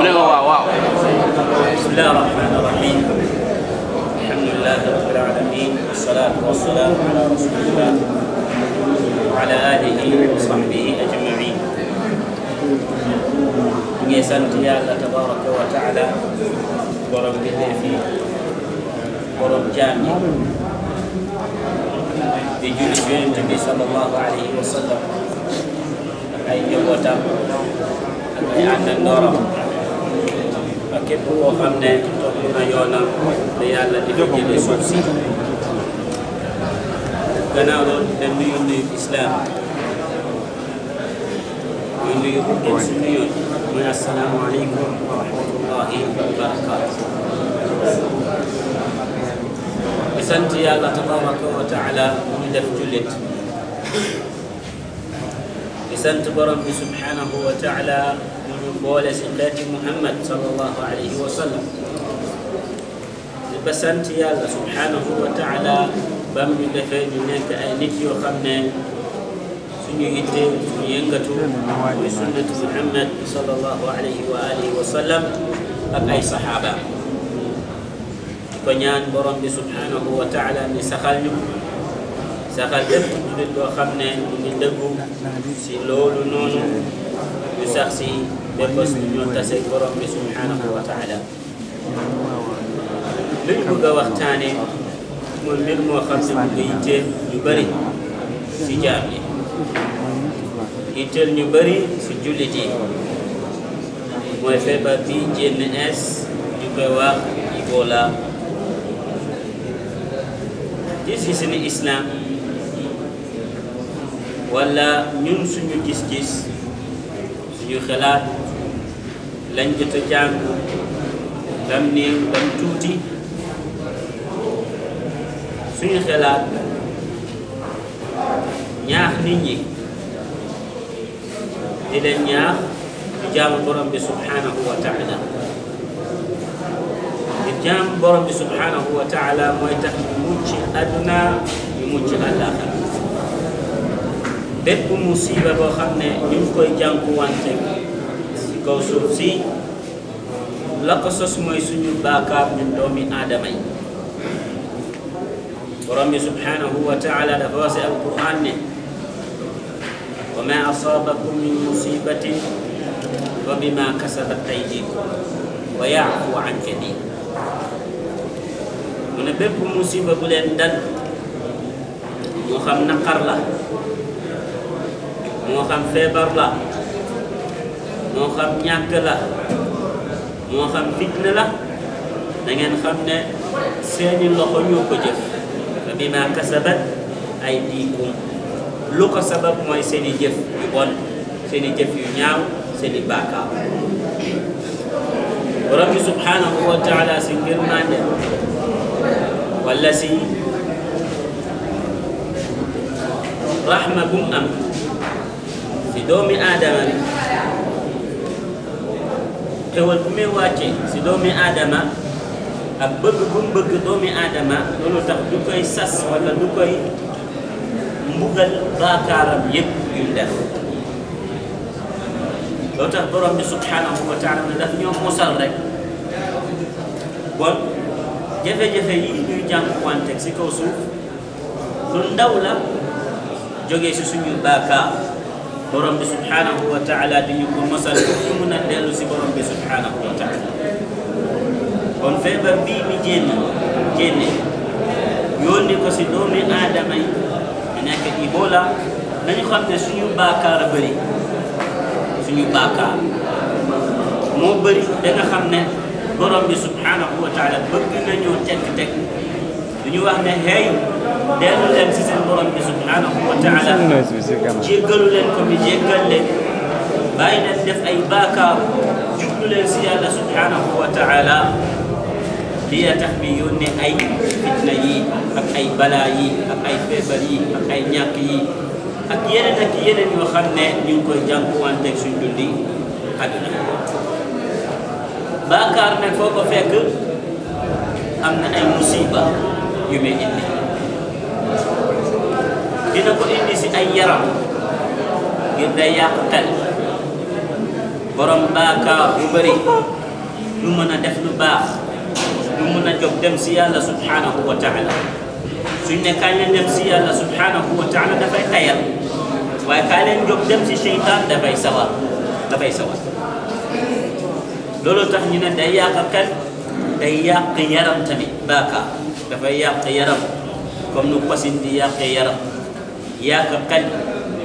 من هو واو بسم الله الرحمن الرحيم الحمد لله رب العالمين والصلاة والسلام على رسول الله وعلى آله وصحبه أجمعين يسألك يا الله تبارك وتعالى ورب في ورب جامع بجود النبي صلى الله عليه وسلم أي جوة أي عنا النور képp koo xam ne topp na yoonam te yàlla di fi jëlee suuf si gannaaw loolu dina nuyu nuyu islam muy nuyu bu kenn si nuyoon muy asalaamaaleykum wa rahmatullahi wa barakaatu di sant yàlla tabaraka wa taala mu ñu def jullit di sant borom bi subhanahu wa taala ولا سيدات محمد صلى الله عليه وسلم بسنت يا الله سبحانه وتعالى بام بفاي نك اي نتي وخمن سني يتي سني ينغتو سنه محمد صلى الله عليه واله وسلم اي صحابه كنيان بروم بي سبحانه وتعالى ني سخال نيو سخال ديب دو خمن ني دغو سي لولو نونو sax si bépp suñu ñoon taseeg borom bi subhanahu wa taala luñ bëgg a waxtaane mooy mbir moo xam ne mu ngi yitteel ñu bëri si jaam yi yitteel ñu bëri si jullit yi mooy feebar bi génn es ñu koy wax Ebola gis si suñu islam wala ñun suñu gis-gis يخلات لنج تجان دم نيم توتي سوي خلات نياخ نيني دل سبحانه وتعالى نجام برم سبحانه وتعالى ما يتحمل موجه أدنى يموجه الآخر bépp musiba boo xam ne ñu ngi koy jànkuwante si kaw suuf si la ko sos mooy suñu baakaar ñun doomi aadama yi borom bi subhanahu wa taala dafa wax si alquran ne wa ma asabakum min musibatin fa bima kasabat aydikum wa yaafu an kadir mu ne bépp musiba bu leen dal moo xam naqar la moo xam feebar la moo xam ñàkk la moo xam fitna la da ngeen xam ne seeni loxo ñoo ko jëf fa bi ma kasabat ay diikum lu ko sabab mooy seeni jëf yu bon seeni jëf yu ñaaw seeni bàkkaaw borom bi subhanahu wa taala si ngirmande wala si rahma bu mu am doomi aadama bi xewal bu muy si doomi aadama ak bëgg bu mu doomi aadama loolu tax du koy sas wala du koy mbugal baakaaram yépp yuñ def loolu tax borom bi subhanahu wa taala ne daf musal rek bon jafe-jafe yi ñuy jànkuwante si kaw suuf ndaw la jógee si suñu baakaar borom bi subhanahu wa taala di ñu ko mosal ñu mun a dellu si borom bi subhanahu wa taala kon feebar bii mi génn génne yónni ko si doomi aadama yi mu nekk Ebola nañu xam ne suñu baakaar a bëri suñu baakaar moo bëri da nga xam ne borom bi subhanahu wa taala bëgg nañoo tekk-tekk du ñu wax ne hey dellu leen si seen borom bi subhanahu wa taala jéggalu leen ko mi jéggal leen bàyyi leen def ay baakaar jublu leen si yàlla subhanahu wa taala lii tax mi yónnee ay fitna yi ak ay balaa yi ak ay feebar yi ak ay ñàkk yi ak yeneen ak yeneen yoo xam ne ñu ngi koy jànkuwanteeg suñ dundi àdduna baakaar nag foo ko fekk am na ay musiba yu muy indi dina ko indi si ay yaram ngir day yàq xel borom baakaar bu bëri du mën a def lu baax du mën a jóg dem si yàlla subhanahu wa taala suñ ne kaay leen dem si yàlla subhanahu wa taala dafay tayal waaye kaay leen jóg dem dafay sawar dafay sawar loolu tax ñu ne day yàq xel day yaram tamit baakaar dafay yàq yaram comme nu pasin di yàqee yaram yaa ko xaj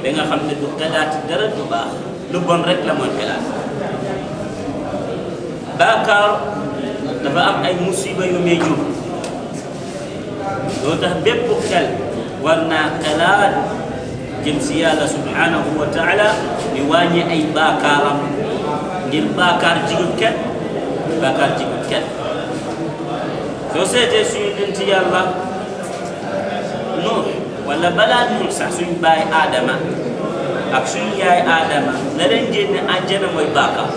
ba nga xam ne du xalaat dara du baax lu bon rek la mooy xalaat baakaar dafa am ay musiba yu muy jur loo tax bépp xel war naa xalaat jëm si yàlla subhanahu wa taala di wàññi ay baakaaram ngir baakaar jigul kenn baakaar jigul kenn soo seetee suñu dënt yàlla noonu wala balaa ñun sax suñ baay aadama ak suñ yaay aadama la leen génne àjjana mooy baakaar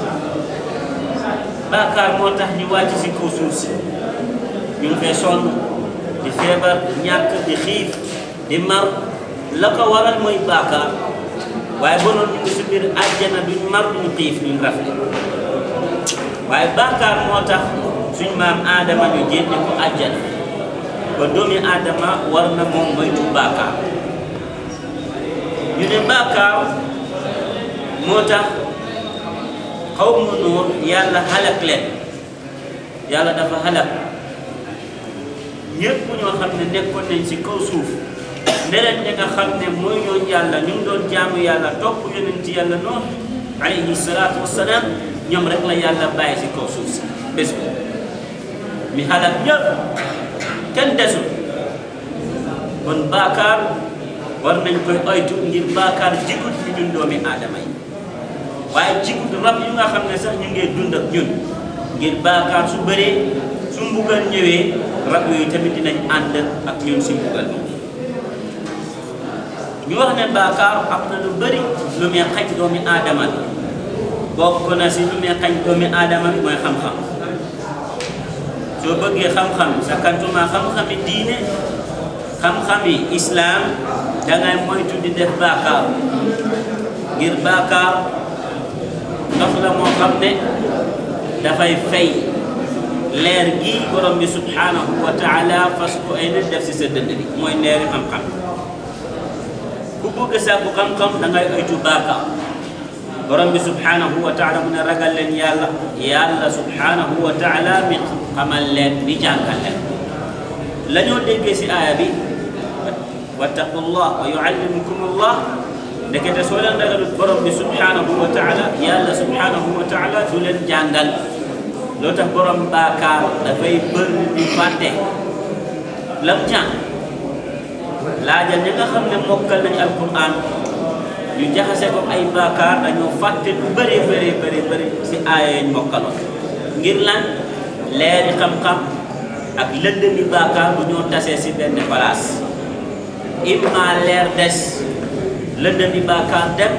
baakaar moo tax ñu wàcc si kaw suuf fee sonn di feebar ñàkk di xiif di mar la ko waral mooy baakaar waaye ba noonu ñu ngi si biir àjjana duñ mar duñ xiif duñ rafet waaye baakaar moo tax suñ maam aadama ñu génne ko àjjana ba doomi aadama war na moom moytu bàkkaar ñu ne bàkkaar moo tax xawmu nuur yàlla xalak leen yàlla dafa xalak ñëpp ñoo xam ne nekkoon nañ si kaw suuf ne leen ña nga xam ne mooy ñoon yàlla ñu ngi doon jaamu yàlla topp yonent yàlla noonu alayhi salaatu wassalaam ñoom rek la yàlla bàyyi ci kaw suuf si bés bi mi xalak ñëpp kenn desul kon baakaar war nañ koy oytu ngir baakaar jigut ñu ñun doomi aadama yi waaye jigut rab yu nga xam ne sax ñu ngee dund ak ñun ngir baakaar su bëree su mbugal ñëwee rab yooyu tamit dinañ ànd ak ñun si mbugal bi ñu wax ne baakaar am na lu bëri lu muy xañ doomi aadama bi bokk na si lu muy xañ doomi aadama bi mooy xam-xam soo bëggee xam-xam sa kantuma xam diine xam-xami islaam dangay moytu di def baakaar ngir baakaar ndox la moo xam ne dafay fay leer gi borom bi subhanahu wa taala fas ko ay nit def si sa dënd bi leeri xam-xam ku bëgg sàkku xam-xam dangay oytu baakaar برم سبحانه هو تعالى من الرجل لن يلا يلا سبحانه هو تعالى من قمل لن بجان لن لن يودي بيس آية بي واتقوا الله ويعلمكم الله لكن تسولا نقول برم سبحانه هو تعالى يلا سبحانه هو تعالى فلن جانجل لو تبرم باكا لفي بر بفاته لم جان لا جان يغخم لمقل من القرآن ñu jaxase ko ay baakaar lañu fàtte lu bëree bëri bëri bëri si aaya yañ mokkaloon ngir lan leeri xam-xam ak lëndëmi baakaar bu ñoo tasee si benn place imma leer des lëndëmi baakaar dem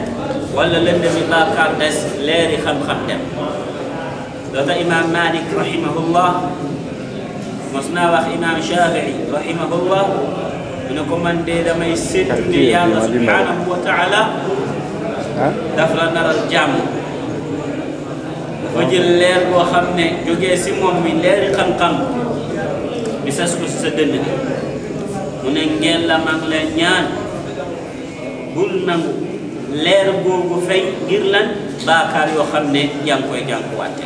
wala lëndëmi baakaar des leeri xam-xam dem loolu imaam Maalik rahimahullah mos naa wax imaam Shafii rahimahullah mu ne ko man de damay séddu ne yàlla subhanahu wa taala daf la naral jàmm dafa jël leer boo xam ne jógee si moom mi leeri xam-xam bi sas sa dënd mu ne ngeen la mag la ñaan bul nangu leer boobu feeñ ngir lan baakaar yoo xam ne yaa ngi koy jànkuwante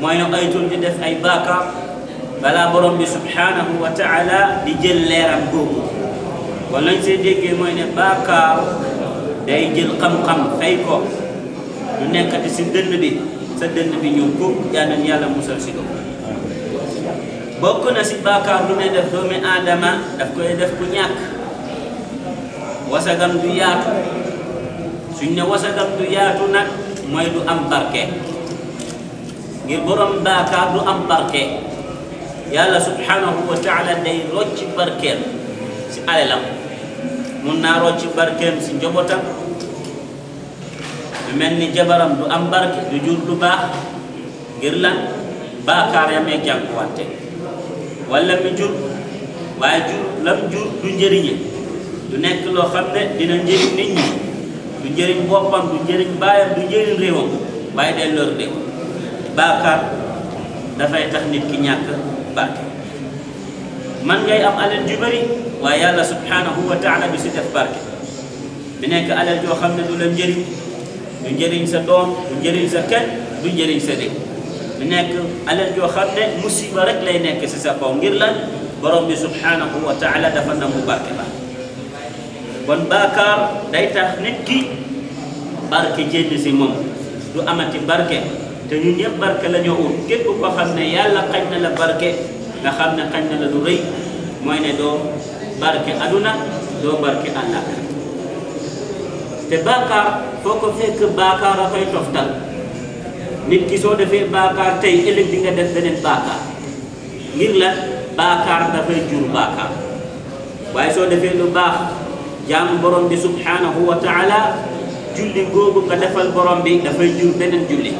mooy ne ay tur def ay baakaar balaa borom bi subhanahu wa taala di jël leeram googu kon lañ see déggee mooy ne baakaaw day jël xam-xam fay ko du nekkati si dënn bi sa dënn bi ñu ko yàlla yàlla musal si ko bokk na si baakaar lu ne def doomi aadama daf koy def ku ñàkk wasagam du yaatu suñ ne wasagam du yaatu nag mooy du am barke ngir borom baakaar du am barke yàlla subhanahu wa taala day rocc barkeem si alalam mun naa rocc barkeem si njabootam lu mel ni jabaram du am barke du jur lu baax ngir lan baakaar yamee jànkuwante wala mi jur waaye jur lam jur du njëriñe du nekk loo xam ne dina njëriñ nit ñi du njëriñ boppam du njëriñ baayam du njëriñ réewam waaye day lor réew baakaar dafay tax nit ki ñàkk baate man ngay am alal ju bëri waaye yàlla subhanahu wa taala du si def barke bi nekk alal joo xam ne du la njëriñ du njëriñ sa doom du njëriñ sa kenn du njëriñ sa dëkk bi nekk alal joo xam ne musiba rek lay nekk si sa kaw ngir lan borom bi subhanahu wa taala dafa na mu barke ba kon baakaar day tax nit ki barke jénn si moom du amati barke te ñun ñëpp barke la ut képp ko xam ne yàlla xañ na la barke nga xam ne xañ na la lu rëy mooy ne doo barke aduna doo barke àllaaxira te baakaar foo ko fekk baakaar a koy toftal ki soo defee baakaar tey ëllëg di nga def beneen baakaar ngir la baakaar dafay jur baakaar waaye soo defee lu baax jaamu borom bi subhanahu wa taala julli googu nga defal borom bi dafay jur beneen julli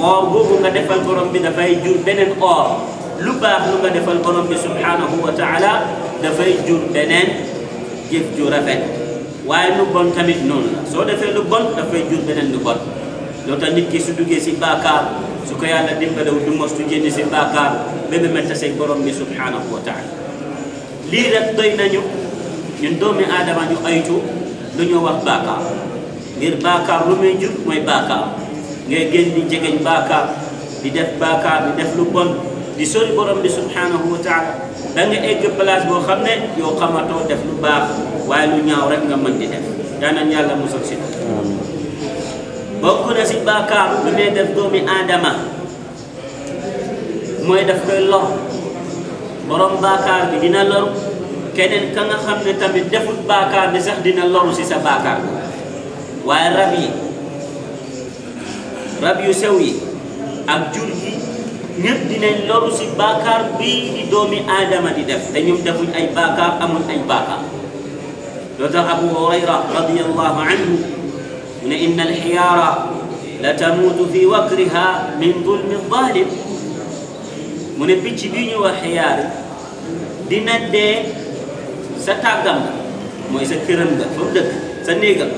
or boobu nga defal borom bi dafay jur beneen or lu baax lu nga defal borom bi subhanahu wa taala dafay jur beneen jëf ju rafet waaye lu bon tamit noonu la soo defee lu bon dafay jur beneen lu bon loolu tax nit ki su duggee si baakaar su ko yàlla dimbalewu du mos du génn si baakaar ba ba mel taseeg borom bi subhanahu wa taala lii rek doy nañu ñun doomi aadama ñu aytu lu ñu wax baakaar ngir baakaar lu muy jur mooy baakaar ngay gën di jegeñ baakaar di def baakaar di def lu bon di sori borom bi subhanahu wa taala da nga egg place boo xam ne yow xamatoo def lu baax waaye lu ñaaw rek nga mën di def daanañ yàlla musal si bokk na si baakaar lu dee def doomi aadama mooy daf koy lor borom baakaar bi dina lor keneen ka nga xam ne tamit deful baakaar bi sax dina lor si sa baakaar waaye rab ربي يسوي أبجله نبدنا اللورس باكر بي دوم آدم دي دف تنيم دفن أي باكر أمون أي باكر لذا أبو هريرة رضي الله عنه إن, إن الحيارة لتموت في وكرها من ظلم الظالم من بيتش بيني وحيار دينا دي ستاقم مو إذا كرم فبدك سنيقم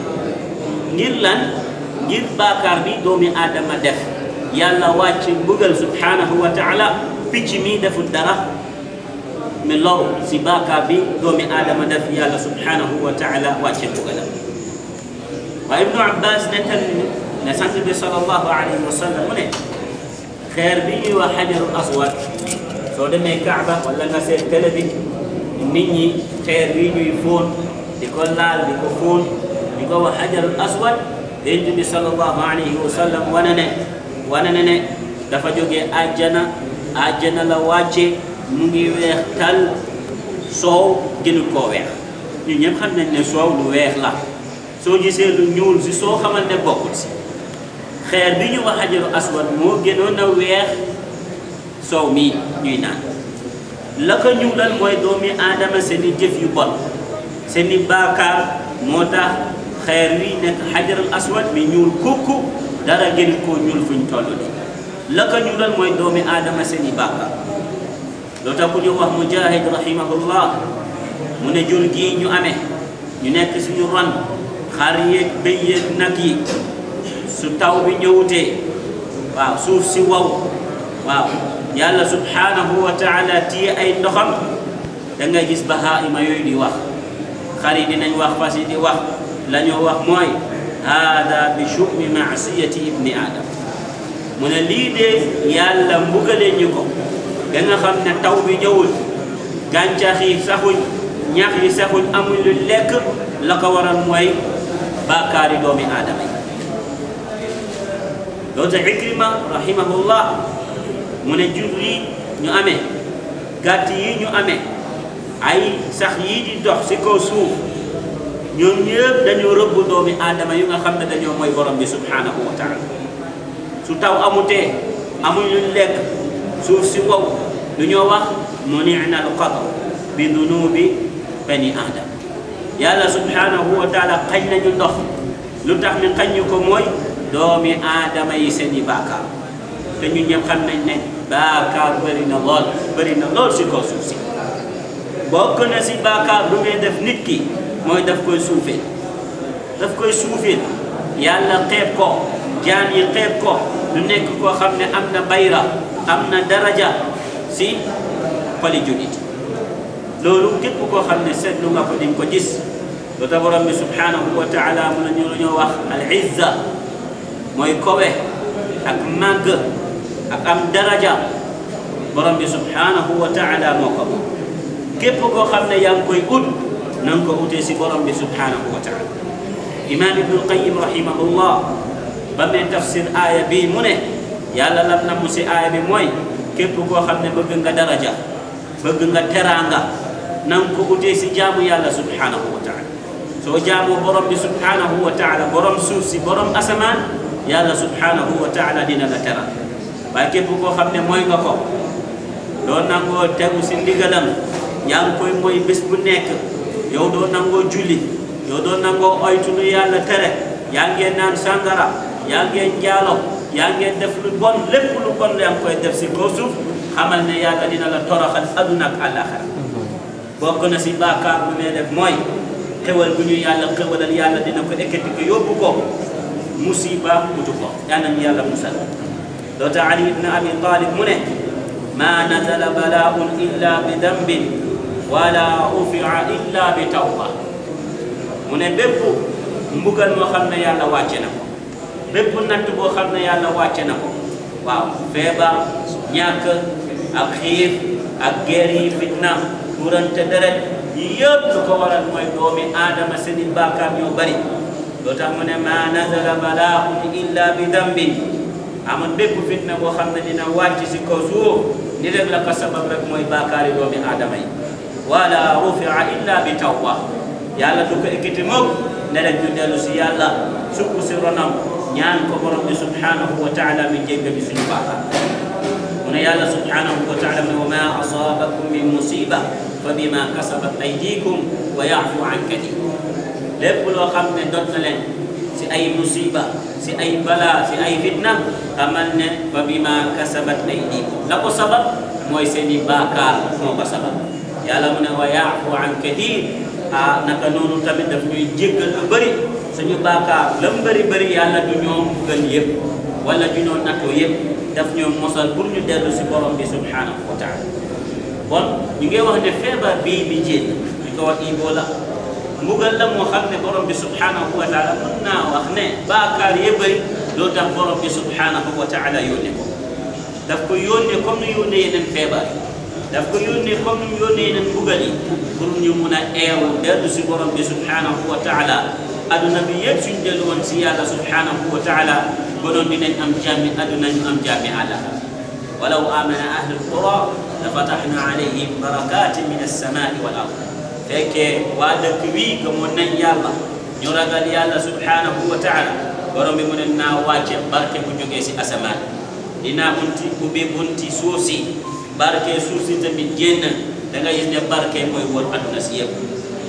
ngir ngir bàkkaar bi domi aadama def yàlla wàcc mbugal subhanahu wa taala picc mi deful dara mi loru si bàkkaar bi doomi aadama def yàlla subhanahu wa taala wàcce mbugalam waaye ibnu abbas nettal ne sant bi sallallahu alayhi wa sallam mu ne xeer bi ñuy wax aswad soo demee kaaba wala nga seet télé bi nit ñi xeer bi ñuy fóon di ko laal di ko fóon wax xajaru aswad denc bi sallallahu alayhi wa wane ne wane ne ne dafa jóge àjjana àjjana la wàcce mu ngi weex tal soow gënul koo weex ñun ñëpp xam nañ ne soow lu weex la soo gisee lu ñuul si soo xamal ne bokkul si xeer bi ñu wax hajaru aswad moo gënoon a weex soow mi ñuy naan la ko ñuulal mooy doomi aadama seeni jëf yu bon seeni baakaar moo tax xeer wi nekk xajaral aswad mi ñuul kukku dara gën koo ñuul fuñ toll di la ko ñuulal mooy doomi aadama seen i bàkkaar loolu tax wax mujahid rahimahullah mu ne jur gii ñu amee ñu nekk suñu ron xar yeeg béy yeeg nag yi su taw bi ñëwutee waaw suuf si wow waaw yàlla subhanahu wa taala tiye ay ndoxam da nga gis bahaima yooyu di wax xar yi dinañ wax fas yi di wax لن يوه موي هذا بشؤم معصية ابن آدم من الليد يالا مغلين يكو جنا خمنا توبي جول جان جاخي سخون نياخي سخون أمل لك لقورا موي باكار دومي آدم لو عكرمة رحمه الله من الجري نو أمي غاتي نو أمي أي سخيدي دوخ سيكو سوف ñoom ñëpp dañoo rëbb doomi aadama yu nga xam ne dañoo mooy borom bi subhanahu wa taala su taw amutee amuñ luñ lekk suuf si wow lu ñoo wax munina al qadr bi dunubi bani aadam yàlla subhanahu wa taala xañ nañu ndox lu tax ni xañ ñu ko mooy doomi aadama yi seen i baakaar te ñun ñëpp xam nañ ne baakaar bëri na lool bëri na lool si kaw suuf si bokk na si baakaar bu ngay def nit ki mooy daf koy suufee daf koy suufee yàlla xeeb ko jaam yi xeeb ko du nekk koo xam ne am na bayra am na daraja si pali julit loolu képp koo xam ne seetlu nga ko di ko gis loo tax borom bi subhanahu wa taala mu la ñu ñoo wax al izza mooy kowe ak màgg ak am daraja borom bi subhanahu wa taala moo ko képp koo xam ne yaa koy ut nan ko utee si borom bi subhanahu wa taala imaam ibnul qayim rahimahullah ba muy tafsir aaya bii mu ne yàlla lam na mu si aaya bi mooy képp goo xam ne bëgg nga daraja bëgg nga teraanga nan ko utee si jaamu yàlla subhanahu wa taala soo jaamoo borom bi subhanahu wa taala borom suuf si borom asamaan yàlla subhanahu wa taala dina la teral waaye képp koo xam ne mooy nga ko doo nangoo tegu si ndigalam yaa ngi koy mooy bés bu nekk yow doo nangoo julli yow doo nangoo oytu yàlla tere yaa ngee naan sàngara yaa ngee njaalo yaa ngee def lu bon lépp lu bon yaa ngi koy def ci kaw xamal ne yàlla dina la toroxal aduna ak àllaaxira bokk na ci bàkkaar bu nee def moy xewal bu ñu yàlla xewalal yàlla dina ko ekati ko yóbbu ko musiba utu ko yàlla ñu yàlla musal doo tax ali ibn abi talib mu ne ma nazala balaun illa bi ولا رفع الا بتوبه من بيب مبغال ما خمنا يالا واتينا بيب نات بو خمنا يالا واتينا واو فيبا نياك اخير اغيري فتنا قران تدرج يوب كو ولا موي دومي ادم سني باكا ميو بري دوتا من ما نزل بلاء الا بذنب اما بيب فتنا بو خمنا دينا واتي سي كوزو ni rek la ko sabab rek moy bakari ولا رفع إلا بتوبة يا الله تكتموك نرجو دلوس يا الله سكو سرنام نيان كبرم سبحانه وتعالى من جيب بسنباها هنا يا الله سبحانه وتعالى وما أصابكم من مصيبة فبما كسبت أيديكم ويعفو عن كثير لب لو خمن دوتنا لن سي أي مصيبة سي أي بلا سي أي فتنة أمن فبما كسبت أيديكم لا سبب موي سيني باكا مو بسبب yàlla mu ne wa yaafu an kathir ah a noonu tamit daf ñuy jéggal lu bëri suñu baakaar la mu bëri bëri yàlla du ñoo gën yëpp wala du ñoo nattoo yëpp daf ñoo mosal pour ñu dellu si borom bi subhanahu wa taala kon wax ne feebar bii bi jéem ñu ko wax Ibola mbugal la moo xam ne borom bi subhanahu wa taala mën naa wax ne yeneen feebar daf ko yónnee comme ni mu yónnee leen mbugal yi pour ñu mun a eewu dellu si borom bi subhanahu wa taala aduna bi yëpp suñ dellu woon si yàlla subhanahu wa taala bonoon dinañ am jàmmi aduna ñu am jàmmi àlla walaw amana ahlul qura la fatahna alayhim barakatin min alsamai wal ard fekkee waa dëkk wi gëmoon nañ yàlla ñu ragal yàlla subhanahu wa taala borom bi mu ne naa wàcce barke bu jógee si asamaan dinaa bunti ubbi bunti suuf si barke suuf si tamit génn da nga ne barke mooy wër adduna si yëpp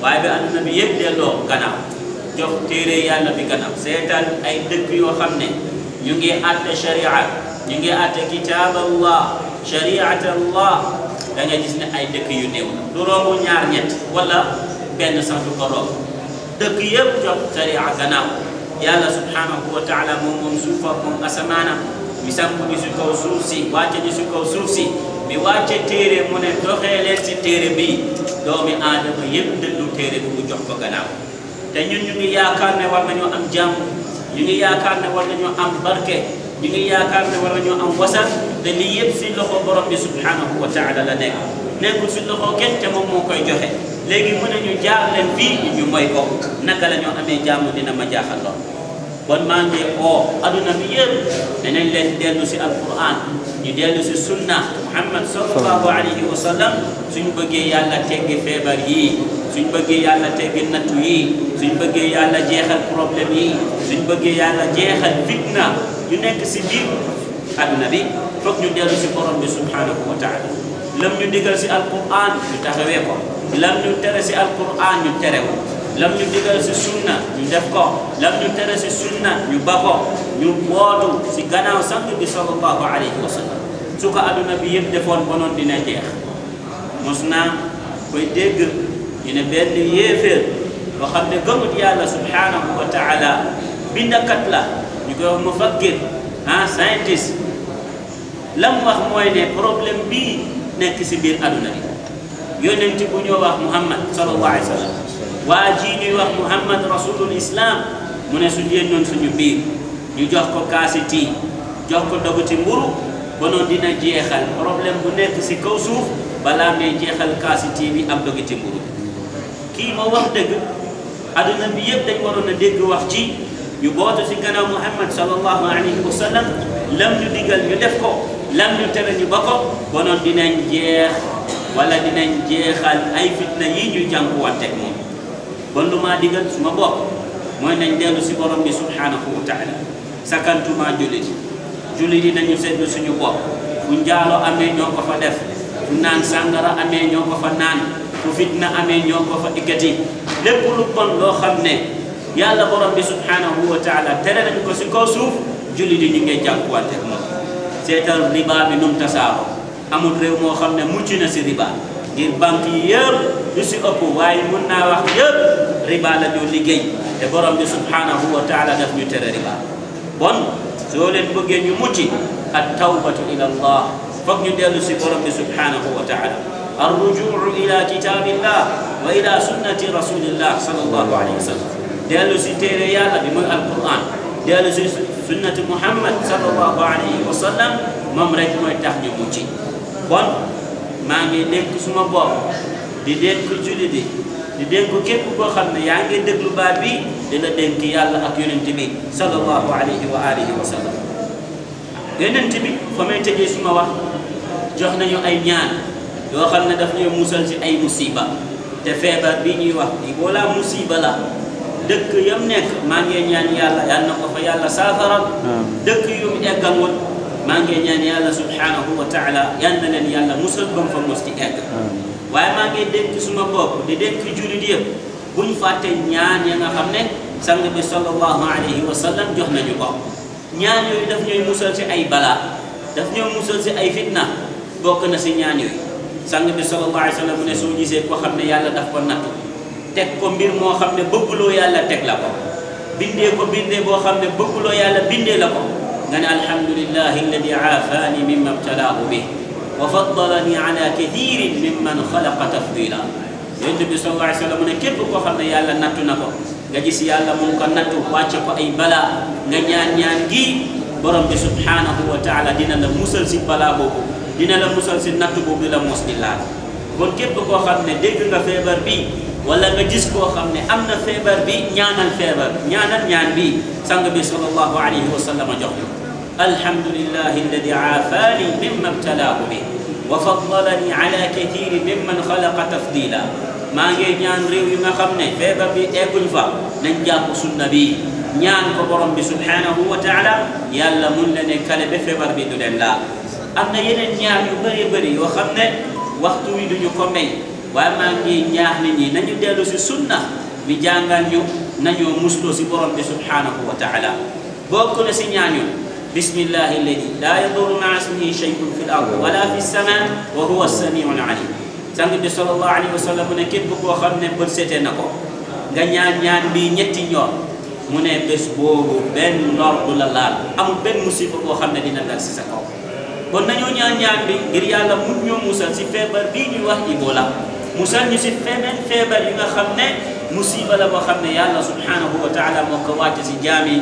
waaye bi adduna bi yëpp delloo gannaaw jox téere yàlla bi gannaaw seetaan ay dëkk yoo xam ne ñu ngi àtte sharia ñu ngi àtte kitaab allah shariat allah gis ne ay dëkk yu néew la du romb ñaar ñett wala benn sax du dëkk yëpp jox sharia gannaaw yàlla subhanahu wa taala moom moom suufa moom mi sàmp ñu si kaw suuf si wàcce ñu si kaw suuf si bi wàcce téere mu ne doxee leen si téere bi doomi aadama yëpp dëndu téere bi mu jox ko gannaaw te ñun ñu ngi yaakaar ne war nañoo am jàmm ñu ngi ne war nañoo am barke ñu ngi yaakaar ne war nañoo am wasat te lii yëpp si loxo borom bi subhanahu wa taala la nekk nekkul si loxo kenn te moom moo koy joxe léegi mën nañu jaar leen fii ñu mooy ko naka la ñoo amee jàmm dina ma jaaxal lool banmange o aduna mi yeru enen len dellusi alquran ñu dellusi sunna muhammad sallallahu alayhi wa sallam suñu bëggee yàlla teggi feebar yi suñu bëggee yàlla teggi nattu yi suñu bëggee yàlla jeexal problème yi suñu bëggee yàlla jeexal fitna yu nekk si biir aduna bi foog ñu dellu si borom bi subhanahu wa taala lam ñu digal si alquran ñu taxawee ko lam ñu tere si alquran ñu tere ko lam ñu digal si sunna ñu def ko lam ñu tere si sunna ñu ba ko ñu woodu si gannaaw sang bi sallallahu alayhi wa sallam su ko aduna bi yëpp defoon ba noonu dina jeex mos naa koy dégg ñu ne benn yéeféer boo xam ne gëmut yàlla subhanahu wa taala bindakat la ñu koy wax mufakkir ah scientiste lam wax mooy ne problème bii nekk si biir aduna bi yonent bu ñoo wax muhammad sallallahu alayhi wa sallam waa jii ñuy wax muhammad rasulul islam mu ne su yéen noon suñu biir ñu jox ko kaasi tii jox ko doguti mburu ba noonu dina jeexal problème bu nekk ci kaw suuf balaa ngay jeexal kaasi tii bi am doguti mburu kii moo wax dëgg adduna bi yëpp dañ waroon a dégg wax ci ñu bootu ci gannaaw muhammad sallallahu alayhi wa sallam lam ñu digal ñu def ko lam ñu tere ñu ba ko ba noonu dinañ jeex wala dinañ jeexal ay fitna yi ñuy jànkuwanteeg moom kon lu maa digal suma bopp mooy nañ dellu si borom bi subhanahu wa taala sakkantuma jullit yi jullit yi nañu seetlu suñu bopp fu njaalo amee ñoo ko fa def fu naan sàngara amee ñoo ko fa naan fu fitna amee ñoo ko fa ikkati lépp lu bon loo xam ne yàlla borom bi subhanahu wa taala tere nañ ko si kaw suuf jullit yi ñu ngi jànkuwante ak moom seetal riba bi num tasaaro amul réew moo xam ne mucc na si riba ngir bank yi yëpp ñu si ëpp way mun na wax yëpp riba la ñu liggéey te borom bi subhanahu wa taala daf ñu tere riba bon so leen bëggé ñu mucc at tawbatu ila allah fokk ñu dellu ci borom bi subhanahu wa taala ar-ruju'u ila kitabillah wa ila sunnati rasulillah sallallahu رسول wasallam صلى ci téré وسلم دالو ستير alquran بمن ci sunnati muhammad sallallahu صلى wasallam mom rek moy tax ñu موتي bon maa ngi dénk suma bopp di dénk julli di di dénk képp koo xam ne yaa ngi dëgg baat bi dina dénk yàlla ak yonent bi sallallahu alayhi wa alihi wa sallam yonent bi fa may tëjee suma wax jox nañu ay ñaan yoo xam ne daf ñuy musal ci ay musiba te feebar bi ñuy wax bi wala musiba la dëkk yam nekk maa ngi ñaan yàlla yal na ko fa yàlla saafara dëkk yu mu eggangul maa ngi ñaan yàlla subhanahu wa taala yal na leen yàlla musal ba mu fa mos ci egg waaye maa ngi dénk suma bopp di dénk jullit yëpp bu ñu fàtte ñaan ya nga xam ne sang bi sallallahu alayhi wa sallam jox nañu ko ñaan yooyu daf ñooy musal si ay balaa daf ñooy musal si ay fitna bokk na si ñaan yooyu sang bi sallallahu alayhi wa sallam ne soo gisee koo xam ne yàlla daf ko natt teg ko mbir moo xam ne bëgguloo yàlla teg la ko bindee ko bindee boo xam ne bëgguloo yàlla bindee la ko لنا الحمد لله الذي عافاني مما ابتلاه به وفضلني على كثير ممن خلق تفضيلا يجب صلى الله عليه وسلم كيف وفرنا يا الله نتو نكو نجيس يا الله منك نتو واتشف أي بلا نجان يانجي برم سبحانه وتعالى دينا لمسل سبلا بوكو دينا الله kon képp koo xam ne dégg nga feebar bii wala nga gis koo xam ne am na feebar bi ñaanal feebar ñaanal ñaan bii sang bi sallallahu alayhi الحمد لله الذي عافاني مما ابتلاه به وفضلني على كثير ممن خلق تفضيلا maa ngi ñaan réew yi nga xam ne feebar bi egguñ fa nañ jàpp sunna bi ñaan ko borom bi subhanahu wa taala yàlla mun la ne kale ba feebar bi du leen laa am na yeneen ñaar yu bëri bëri yoo xam ne waxtu wi duñu ko may waaye maa ngi ñaax nit ñi nañu dellu si sunna bi jàngal ñu nañoo musloo si borom bi subhanahu wa taala bokk na si ñaan بسم الله الذي لا يضر مع اسمه شيء في الارض ولا في السماء وهو السميع العليم تنبي صلى الله عليه وسلم نكيب بو خامن بول سيتي نكو غنيان نيان بي نيتي نيو مو ني بس بوبو بن نور دولا لا ام بن مصيبه بو خامن دينا دال سي سكو بون نانيو نيان نيان بي غير يالا مو نيو موسى سي فيبر بي ني واخ ايبولا موسى ني سي فيمن فيبر ييغا خامن مصيبه لا بو خامن يالا سبحانه وتعالى مكواتي جامي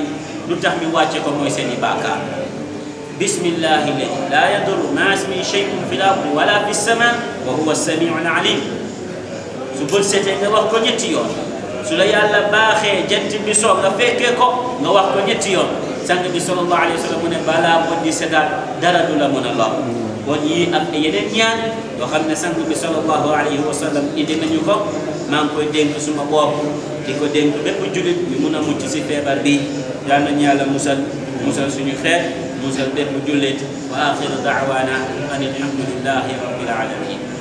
لتحم واجك موسى نباكا بسم الله الذي لا يضر مع اسمه شيء في الأرض ولا في السماء وهو السميع العليم سبول ستين نوح كون يتيون سلي الله باخي جنت بسوم لفكك نوح كون يتيون سنك بسول الله عليه وسلم بلا بدي سدال درد لمن الله ودي أب أيدين يان وخمنا سنك بسول الله عليه وسلم إدي من يكو مانكو دينك سمبوه ديكو دينك بكو جلد يمونا مجزي فيبر بيه يانا نيالا موسل موسل سوني خير موسل بيت مجلد واخر دعوانا ان الحمد لله رب العالمين